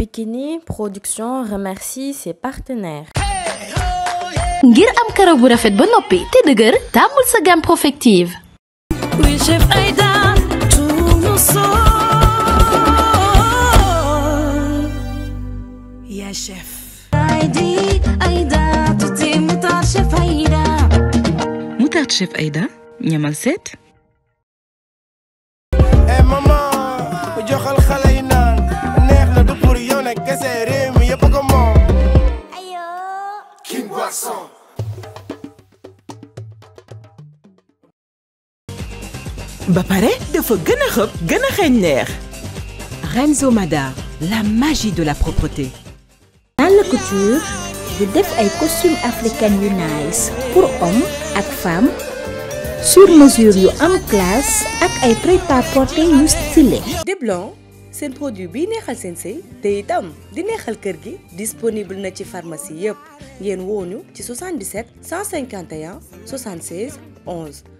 Bikini Production remercie ses partenaires. Ngir am karaw bu rafet ba nopi té deuguer tamul sa gamme prospective. Oui chef Aïda tout nous sort. Yeah chef. Aida, Aïda tout est chef Aïda. Mutar chef Aïda, ñamal set. ba pare dafa gën a xëpp gëna a neex Renzo Madar la magie de la propreté dans la couture faut def ay costume africains yu pour hommes et femmes. sur mesure yu am classe ak ay prêt-à-porter yu stylé Blancs, blanc seen produit bi neexal seen sëy te itam di neexal kër gi disponible na ci pharmacie yépp ngeen ci 77 151 76 11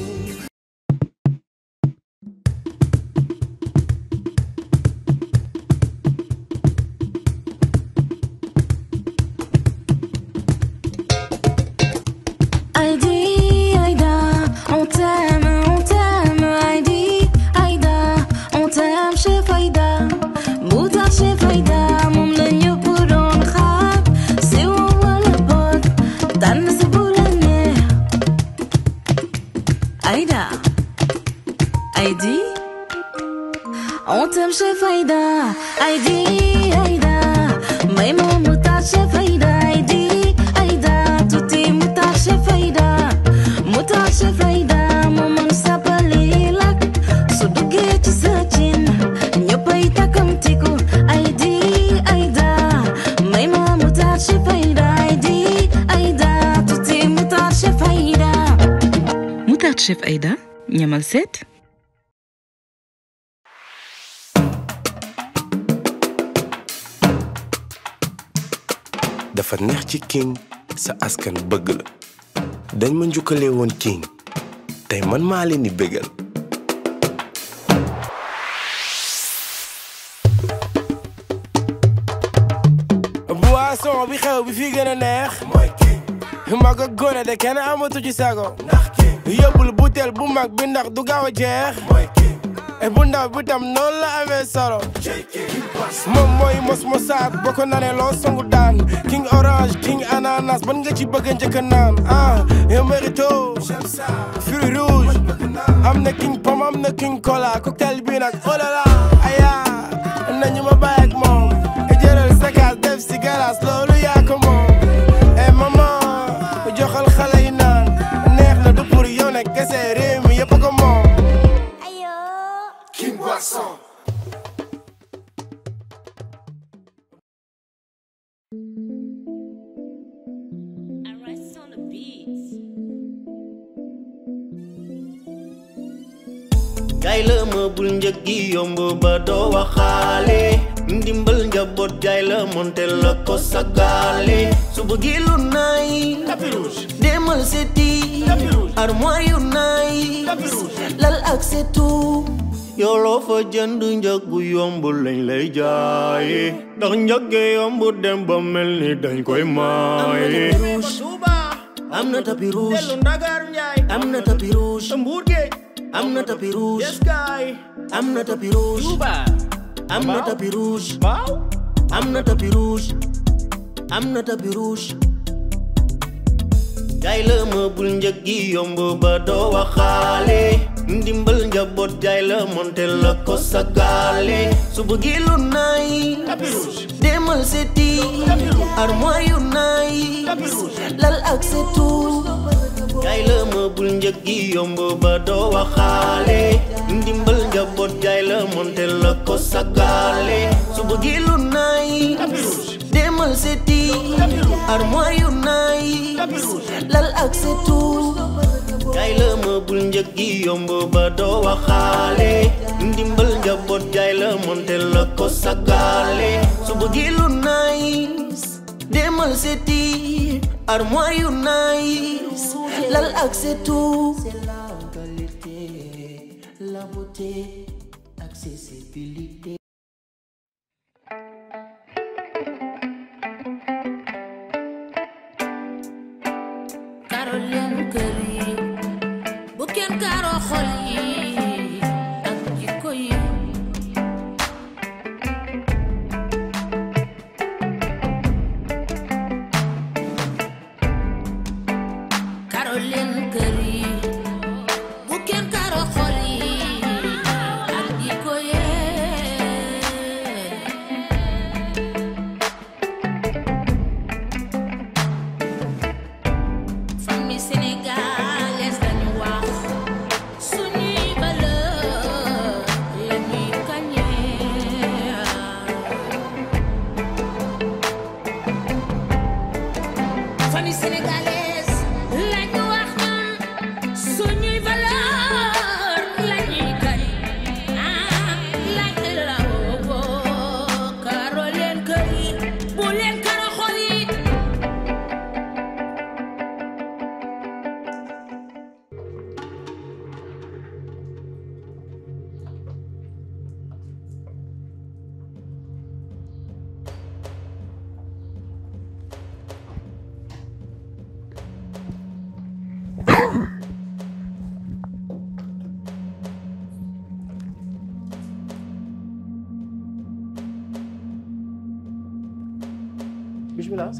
dafa neex ci king sa askan bëgg la dañ ma njukkale woon king tey man maa leen di bégal boisson bi xew bi fi a neex mooy king mag kenn amatu ci sago ñu yóbbul butéel bu mag bi ndax du gaaw a jeex bu ndaw bi la amee solo moom mooy mos mosaat boo ko songu daan king orange king ananas ban nga ci bëgg a njëkk a naan ah yow am na king pom am na king cola cocktail bi nag la la aya nañu ma moom jëral sa kaas def si galaas yombul njëg gi yomb ba doo waxaale ndimbal njaboot jaay la monte la ko sagaale su bëggee lu naay demal seeti armoire yu naay lal ak seetu yooloo fa jënd njëg bu yomb lañ lay jaaye ndax njëgge yomb dem ba mel ni dañ koy maaye am na tapis rouge am na tapis rouge I'm not a pirouge. Yes, guy. I'm not a pirouge. Cuba. I'm not a pirouge. Bow? I'm not a pirouge. I'm not a pirouge. Jaay la ma bul njëg gi yomb ba doo waxaale. ndimbal njaboot jaay la monte la ko sa gaale su bëggee lu demal seeti armoire yu naay lal ak la meuble njëg gi yomb ba doo waxaale ndimbal njaboot jaay la monte la ko gaale su bëggee lu demal seeti armoire yu naay njëg gi yomb ba doo waxaale ndimbal njaboot jaay la la ko sagale su bëggi lu demal seeti la beauté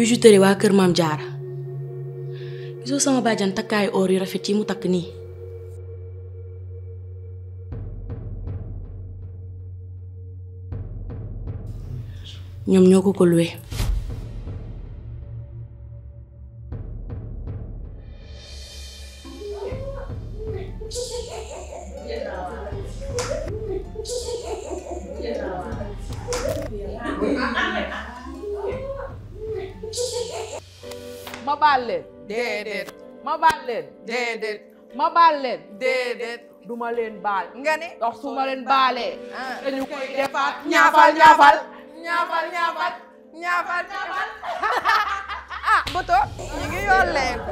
bijouterie waa kër maam jaara gisoo sama bàjjan takkaayu or yu rafet yi mu takk nii ñoom ñoo ko ko luwe baal leen. déedéet. ma baal leen. déedéet. ma baal leen. déedéet. du ma leen baal. nga ne ndax su ma leen baalee. Ah. dañu koy defaat ñaafal ñaafal. ñaafal ñaafal. ñaafal ñaafal. ah Boto ñu ngi yolleeku.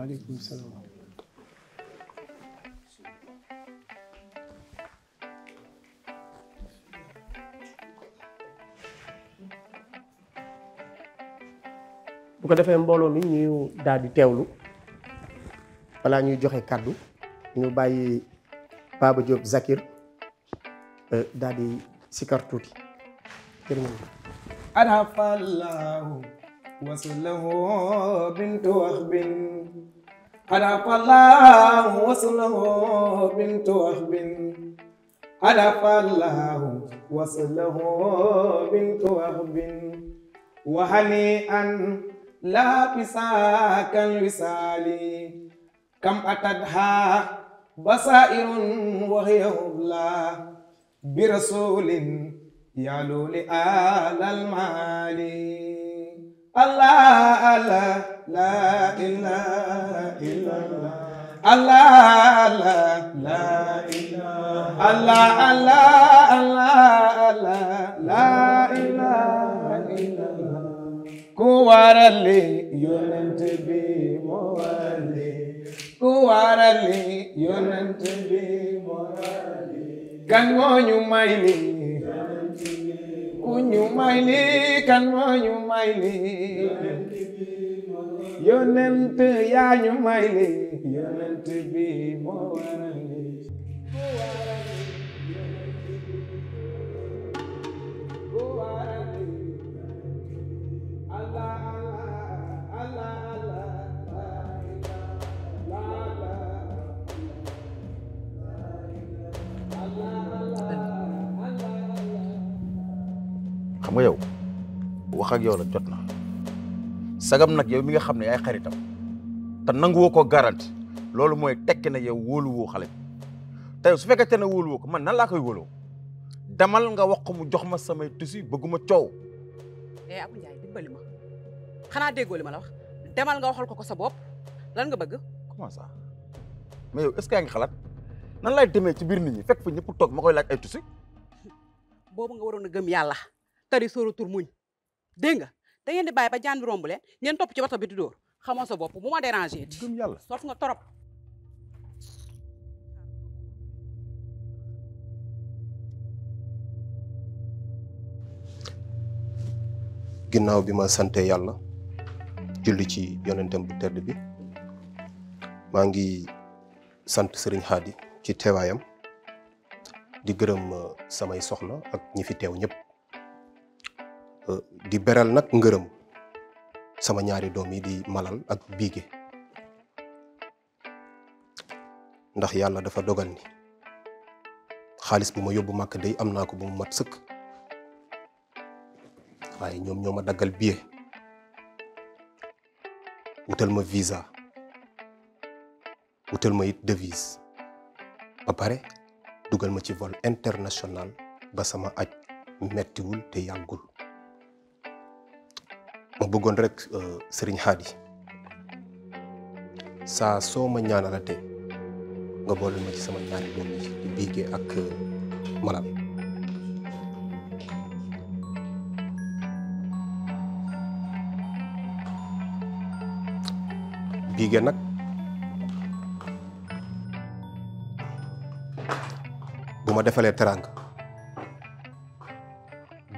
Aleyküm selam. bu ko defee mbooloo mi ñu daldi teewlu balaa ñuy joxe kàddu ñu bàyyi Baba Diop Zakir euh, daldi sikar tuuti jërëjëf. وصله بنت وهب ألف الله وصله بنت وهب ألف الله وصله بنت وهب وهنيئا لا بساك الوصال كم أتدها بصائر وهي هبلا برسول يعلو لآل المالي الله لا لا إله إلا الله الله لا لا إله الله الله الله لا لا إله إلا الله كوارلي يونت بي موالي كوارلي يونت بي موالي كان مو نيو مايلي ñu may lii kan moo ñu may lii yonent yaa ñu may lii yonent bi xam nga yow wax yow la jot na sagam nag yow mi nga xam ne yaay xaritam te nanguwoo ko garanti loolu mooy tekki na yow wóoluwoo xale bi te su fekkee ne wóoluwoo ko man nan laa koy wóoloo damal nga wax ko mu jox ma samay tusi bëgguma coow. eh Abou Ndiaye xanaa déggoo li ma la demal nga waxal ko ko sa bopp lan nga bëgg. comment mais yow est-ce que nan lay demee ci biir nit ñi fekk fa ñëpp toog ma koy laaj ay tusi. boobu nga waroon a gëm yàlla tari sóoratul muñ Dengar, nga da ngeen di bàyyi ba jaan bi romb leen ngeen top ci wata bi di dóor xamoo sa bop bu ma déranger di gëm yàlla soof nga torop ginnaw bi ma sante yàlla julli ci yonentem bu tedd bi ma ngi sante serigne hadi ci tewayam di uh, samay soxna ak ñi fi tew ñep di beral nak ngeureum sama ñaari domi di malal ak bigé ndax yalla dafa dogal ni xaliss bu yobbu mak day amna ko bu mat seuk waaye ñom ñoma dagal daggal ma visa utel ma it devise ba paré dugal ma ci vol international ba sama aj wul te yagul ma bëggon rek eh, serigne hadi sa so ma ñaanalatee nga boole ma ci sama ñaari doom yi di biige ak eh, malam biige nak buma défalé defalee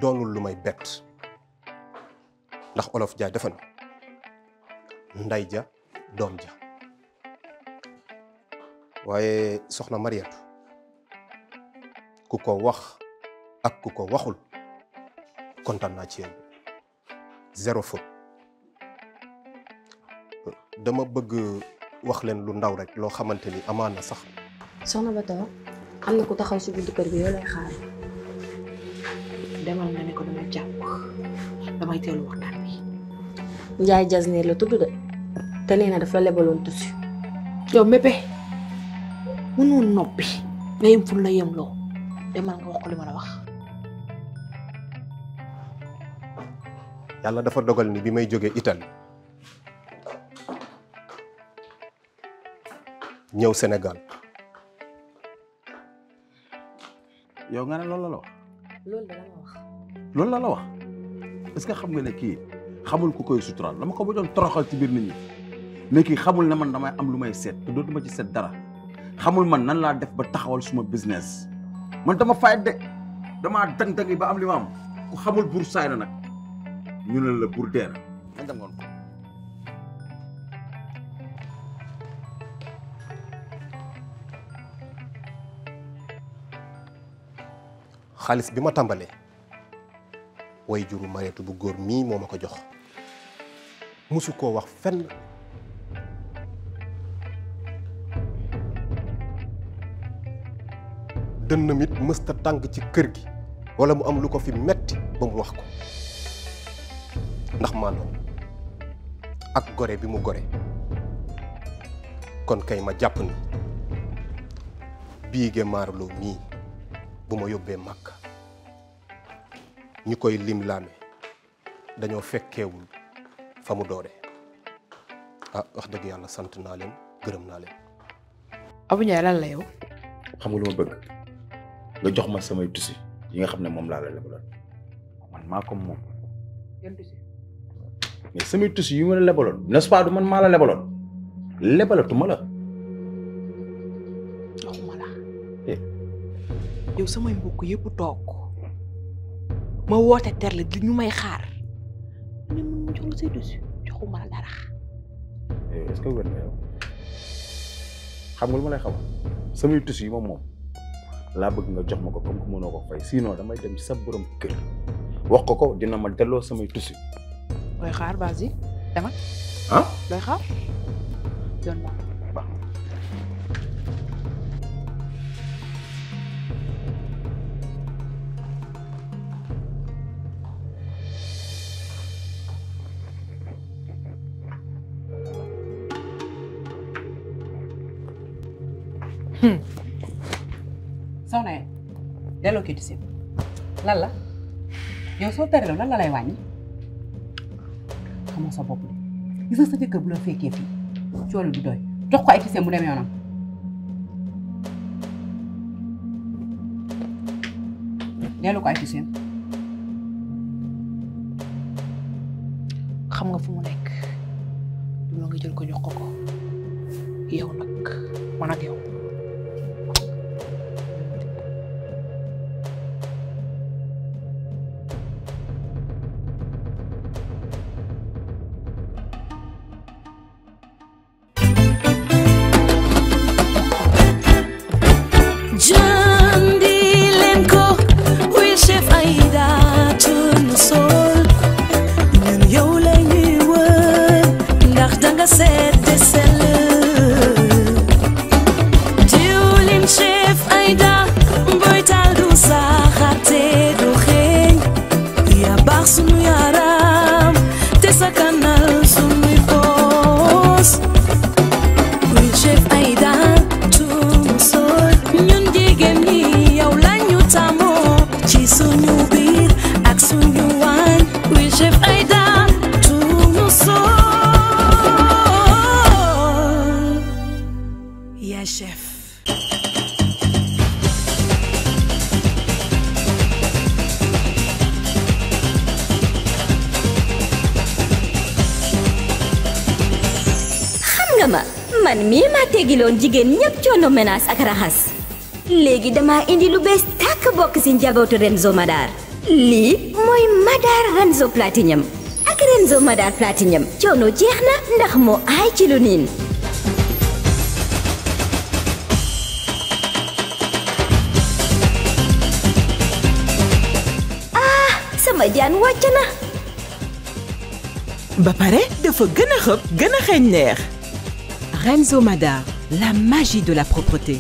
donul lumay bête ndax olof ja defal nday ja doom ja waaye soxna mariyatu ku ko wax ak ku ko waxul kontaan naa ci yéen zéro faute dama bëgg wax leen lu ndaw rek loo xamante ni amaan na sax soxna Bator am na ku taxaw si buntu kër bi yoo lay xaar demal na ne ko damay jàpp damay wax Njaay Jasneer la tudd de te nee na dafa lebaloon tuuti yow mépé mënoo noppi nga yem fu yem loo demal nga wax ko li ma la wax. yàlla dafa dogal ni bi may jógee Italie ñëw Sénégal. yow nga ne loolu la la wax. loolu la la wax. loolu xam nga ne kii. xamul ku koy sutural dama ko doon toroxal ci bir nit ñi mais kii xamul ne man dama am lu may set te dootuma ci set dara xamul man nan la def ba taxawal suma business man dama fay de dama dang dang ba am li ma am ku xamul bur saay na nag ñu ne la bur der man dem ngon xaalis bi ma tàmbalee way juru mareetu bu góor mii moo jox musu koo wax fenn dënnam nit mësta tang ci kër gi wala mu am lu ko fi metti ba mu wax ko ndax maanoom ak goré bi mu goré kon kay ma japp ni biige marlo mi, bu ma yobbe makka ñukoy lim limlaame dañoo fekkewul fa mu dooree ah, wax dëgg yàlla sant naa leen gërëm naa leen. Abou Ndiaye lan la yow. xam nga lu ma bëgg nga jox ma samay tusi yi nga xam ne moom laa la lebaloon man maa ko moom. yan tusi. mais ma la lebaloon man maa la lebaloon lebalatuma la. la. Eh. samay mbokk yépp toog ma woote ter la du ñu may xaar. nga say dessus joxuma la dara. Eh, est-ce que wér xam nga lu ma lay xaw samay tissus yi moom moom laa bëgg nga jox ma ko comme que mënoo ko fay sinon damay dem ci sa borom kër wax ko ko dina ma delloo samay tissus. looy xaar Baasi dama. ah looy xaar yoon féticide lan la yow soo tereloo lan la lay wàññi xamoo sa bopp de gis nga sa jëkkër bu la fekkee fii coolu du doy jox ko ay tisee mu dem yoonam dellu ko ay tisee xam nga fu mu nekk du nga jël ko jox ko ko yow nag man ak yow jigéen ñépp coono menace ak raxas léegi dama indi lu bees tàkk bokk ci njabootu Renzo Madar lii mooy Madar Renzo Platinum ak Renzo Madar Platinum coono jeex na ndax moo aay ci lu niin ah sama jaan wàcc na ba pare dafa gën a xëpp gën a xeeñ neex la magie de la propreté.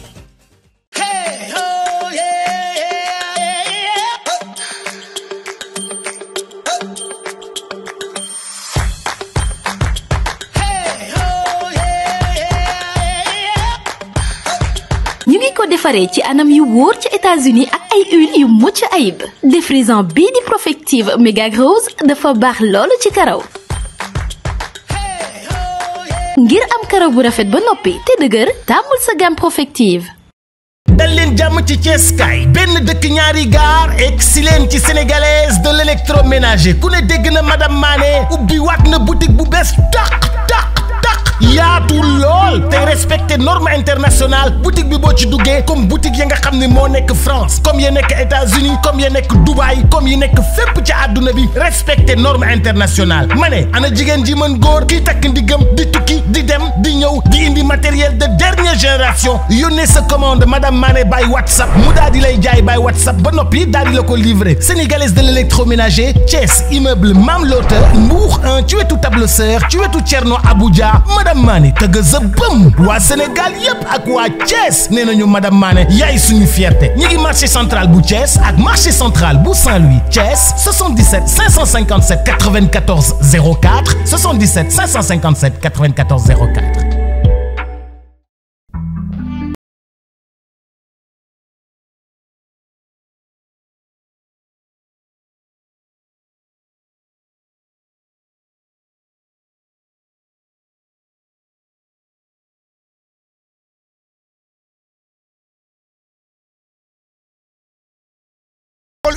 Defare ci anam yu wóor ci États-Unis ak ay huile yu mucc ayib défrisant bii di Profective Mega Rose dafa baax loolu ci karaw ngir am karaw bu rafet ba noppi te dëgër tàmmul sa gamme Profective dal leen jàmm ci Ceeskaay benn dëkk ñaari gaar egsi leen ci sénégalaise de l'électroménager ku ne dégg na madame Mané ubbi waat na boutique bu bees tàq tàq tàq yaatu lool te respecté norme internationale boutique bi boo ci duggee comme boutique ya nga xam ne moo nekk France comme ya nekk États-Unis comme ya nekk Dubaï comme yi nekk fépp ci àdduna bi respecté norme internationale ma ne ana jigéen ji mën góor kii takk ndigam di tukki di dem di ñëw di indi matériel de dernière génération mané by WhatsApp mou daal di by WhatsApp ba dali dadi livré sénégalaise de l'électroménager chess, immeuble Mam Lotte Mbour 1 es tout table sœur es tout tcherno Abuja madame Mané tëgg a Wa Sénégal yépp ak quoi Thiès madame Mané yaay suñu fierté ñi marché central Bouchess, Thiès ak marché central Bou Saint-Louis Chess 77 557 94 04 77 557 94 04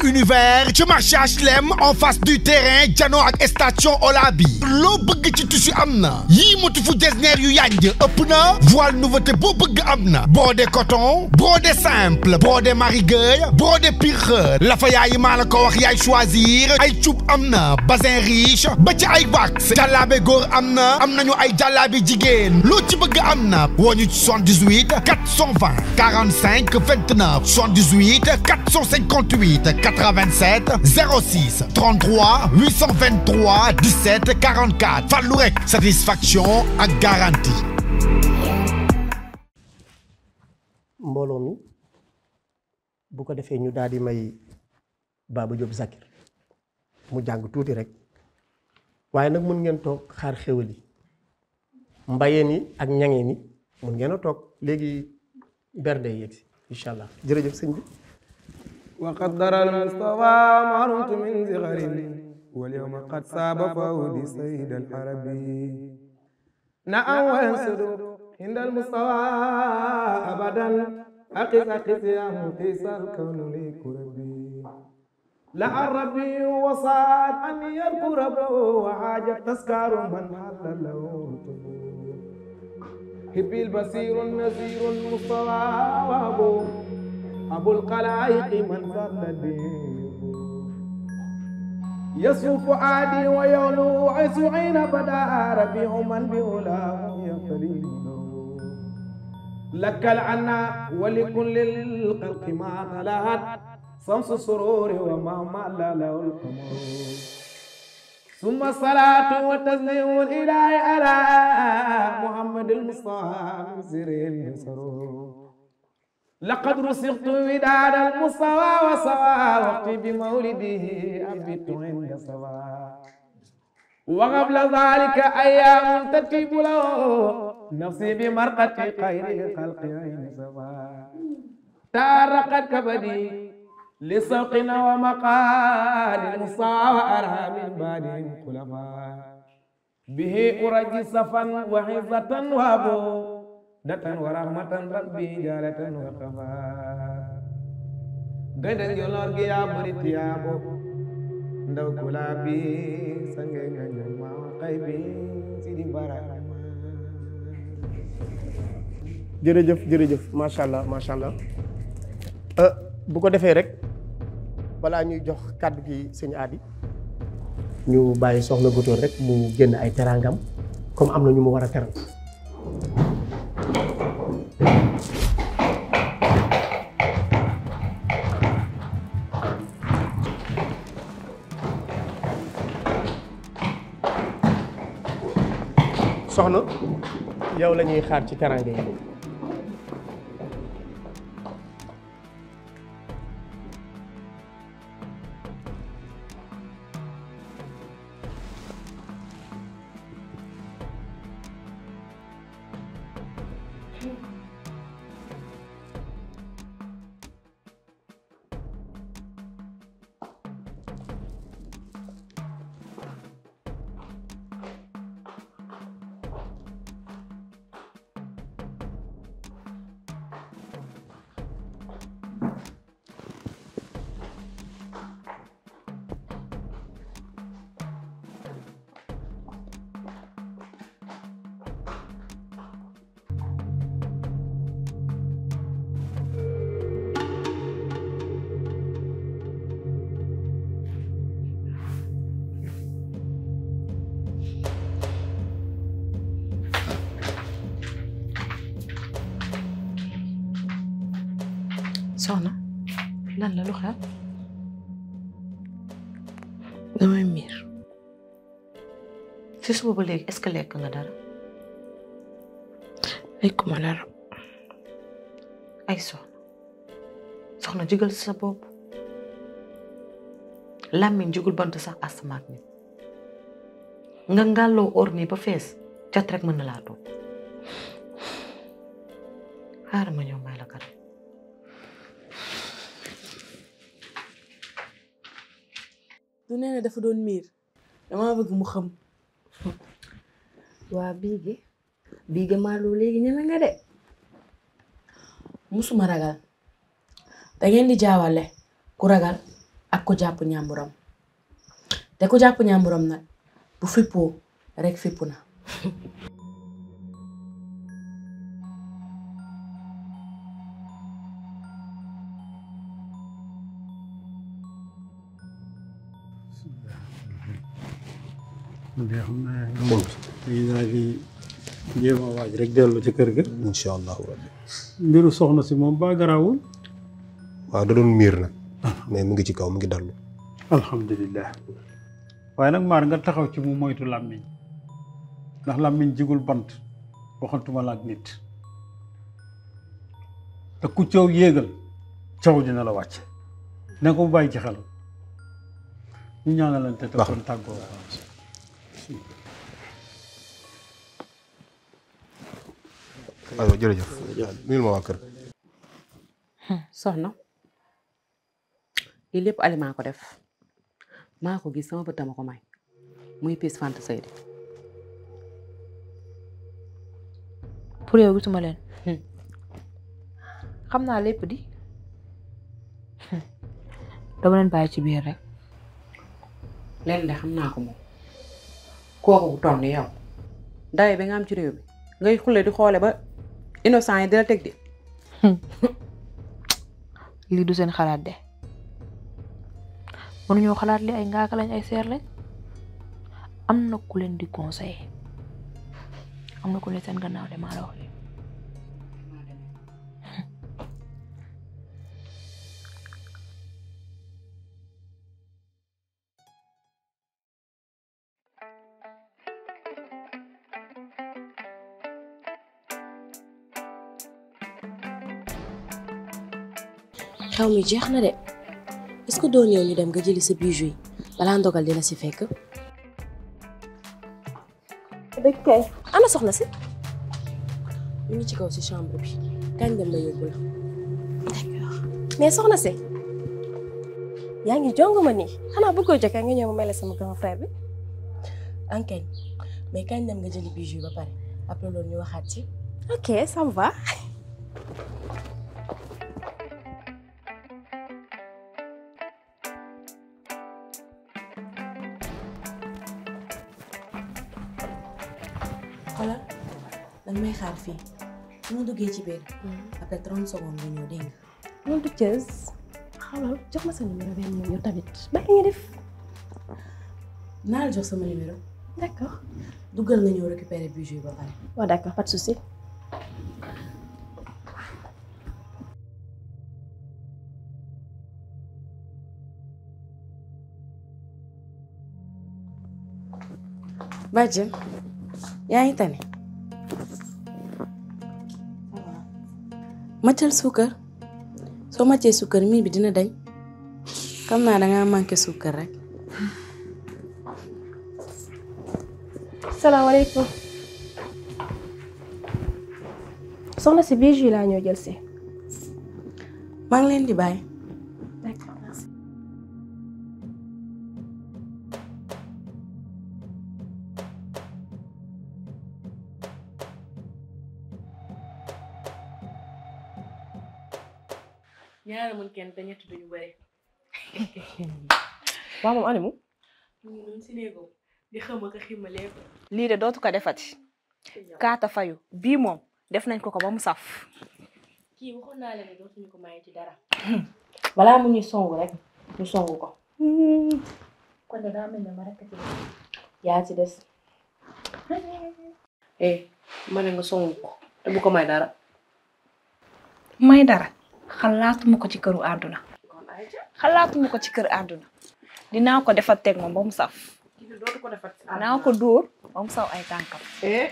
Univers, Univers marche à HLM en face du terrain Diano ak station Olabi L'eau bëgg ci tissu am na yii motifu designer yu yànj ëpp na voile nouveauté boo bëgg amna. na coton broder simple broder marigueuil broder pire. la fa yaay maa encore, wax choisir ay cuub amna, bazin riche ba ci ay wax amna. gor amna, na am nañu ay jàllaabe jigéen loo ci 78 420 45 29 78 458 87 06 33 823 17 ak garantie. mi bu ko defee ñu daal di may Baba Diop Zakir mu jàng tuuti rek waaye nag mun ngeen toog xaar xéwal yi mbayeen ak ñangeen yi mun ngeen a toog léegi bernde yi yegg si incha allah jërëjëf sëñ bi. وقدر المصطفى مرت من زغر واليوم قد صاب فودي سيد العربي نعم وينصدق عند المصطفى أبدا أقف أقف يا مقيس الكون ليك ربي لعن ربي وصاد أن يذكر ربه وحاجة تسكار من حل له هبي البصير النذير المصطفى وأبوه أبو القلائق من صلى الدين يصف عادي ويولو عسعين بدا ربيع من بأولاه يقتلين لك العنا ولكل الخلق ما طلعت صمص السرور وما مال له القمر ثم الصلاة والتسليم الإلهي على محمد المصطفى سر سرور لقد رسغت وداد المصطفى وسوى وقتي بمولده أبت عند سوى وقبل ذلك أيام تتيب له نفسي بمرقة خير خلق عين سوى تارقت كبدي لسوقنا ومقال المصطفى وأرهى من بعدهم خلفاء به أرجي صفا وعزة وابو datan wa rahmatan rabbi jalatan wa xafa gëndal yolor gi yaa ya bo ndaw kula bi sange nga ñëw maa sidi bi si di barak jërëjëf jërëjëf macha allah macha allah bu ko defé rek balaa ñuy jox kaddu gi seigne adi ñu bayyi soxna Gotor rek mu genn ay terangam comme amna ñu mu wara a soxna yow la xaar ci terrain bi lan la lu xew damay miir si suba ba léegi est-ce que lekk nga dara lekkuma dara ay soxna soxna jugal sa bopp làmmiñ jugul bant sax asamaak ni nga ngàlloo or nii ba fees cat rek mën na laa toog xaaral ma ñëw may du nee na dafa doon miir damaa bëgg mu xam. waa biige biige maaloo léegi ñeme nga de musuma ragal da ngeen di jaawale ku ragal ak ku jàpp ñàmburam te ku jàpp ñàmburam nag bu fippoo rek fippu na mais xam naa moom dañ naa di jéem a waaj rek dellu ci kër ga. incha allahu rabbi. mbiru soxna si moom baa garaawul. waaw da doon miir nag. mais mu ngi ci kaw mu nga taxaw ci mu moytu làmmiñ ndax làmmiñ jigul bant waxantuma la ak nit te ku coow yéegal coow dina la wàcc na ko mu bàyyi ci xel ñu ñaanalante te kon tàggoo waaw jërëjëf nuyul ma waa kër. Hmm, soxna lii lépp aliment ko def maa ko gis sama bët dama may muy piis fant Seydi. pour yow gisuma leen. Hmm. xam naa lépp di. Hmm. dama leen bàyyi ci biir rek. leen de xam naa ko moom kooku bu toll ni yow ndaye bi nga am ci ngay xulle di xoole ba innocent yi di teg di lii du seen xalaat de mënuñoo xalaat li ay ngaaka lañ ay seer lañ am na ku leen di conseiller am na ku seen gannaaw de maa la xew mi jeex na de est-ce que doo ñëw ñu dem nga jëli sa bijou yi balaa ndogal dina si fekk. dëgg kay ana soxna si. ñu ngi ci kaw si chambre bi kañ dem la yóbbu la. d'accord mais soxna si. yaa ngi jong ma nii xanaa bëggoo jëkkee nga ñëw mel sama grand frère bi. enquête mais kañ dem nga jëli bijou ba pare après loolu ñu waxaat ci. ok ça me va. duggee ci biir. Mm. après 30 secondes nga ñëw dégg nga. jox ma sa numéro benn yow tamit bàyyi nga def. naa la jox sama numéro. d' accord. duggal nga ñëw récupérer bijou ba pare. waaw d' accord pas de souci. maccal suukar soo maccee suukar mii bi dina dañ xam naa dangaa manqué suukar rek salaamaaleykum soxna si biir ju laa ñoo jël si maa ngi leen di bàyyi anamul kenn te ñett duñu bëri. waaw moom anamu. ñu ngi di xam ak xima lépp. lii de dootu ko defati. kaata fayu bii moom def nañ ko ko ba mu saf. kii waxoon naa leen dootuñu ko may ci dara. balaa mu ñuy songu rek ñu songu ko. kon de daa mel ne ma rek ci des. yaa des. eh ma nga songu ko te bu may dara. may dara. xalaatuma ko ci këru àdduna xalaatuma ko ci keur aduna dina ko defat tek mom ba saf dina ko dóor ba saw ay tànkam eh?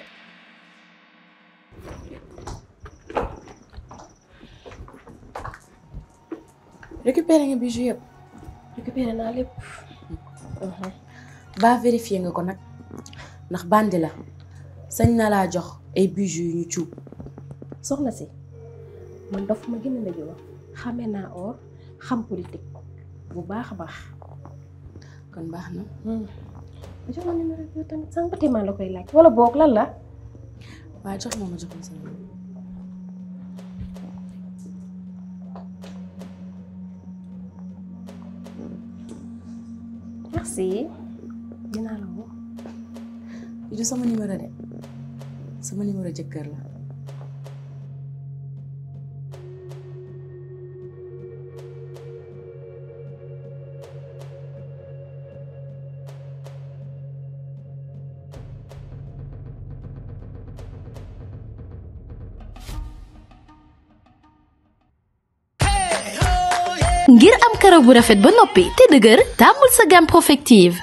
récupérer nga bijou yeb récupérer na lepp mhm. ba vérifier nga ko nak ndax bandi la sañ na la jox ay bijou yu ñu cuub soxna si Hmm. man dof ma gën génn ndajoo xame naa or xam politique bu baax a baax kon baax na ma jox ma numéro bi tamit sànq ba téeméer la koy laaj wala boog lan la waaye jox ma ma jox ma sa merci dinaa la woo. li du sama numéro de sama numéro jëkkër la ngir am karaw bu rafet ba noppi te dëgër tàmmul sa gamme Profective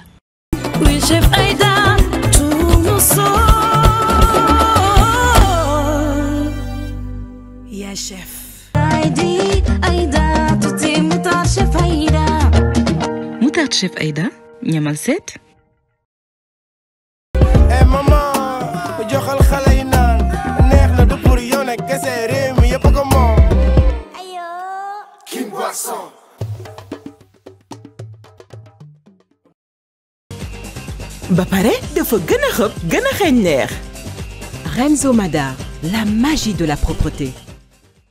يا شيف عيدي أيدا تطي مطار شيف أيدا مطار شيف أيدا يا ملسات ايه ماما jox al xale yi naan neex na du pour yow nag kese réew mi yëpp ko moom ayoo King Boisson ba pare dafa gëna gagner xëpp gëna Renzo Madar la magie de la propreté.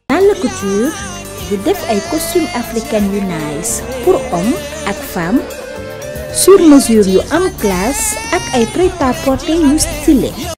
Dans la Couture je def ay costume africain yu nice pour hommes et femmes. sur mesure yu am classe ak ay prêt-à-porter yu stylé.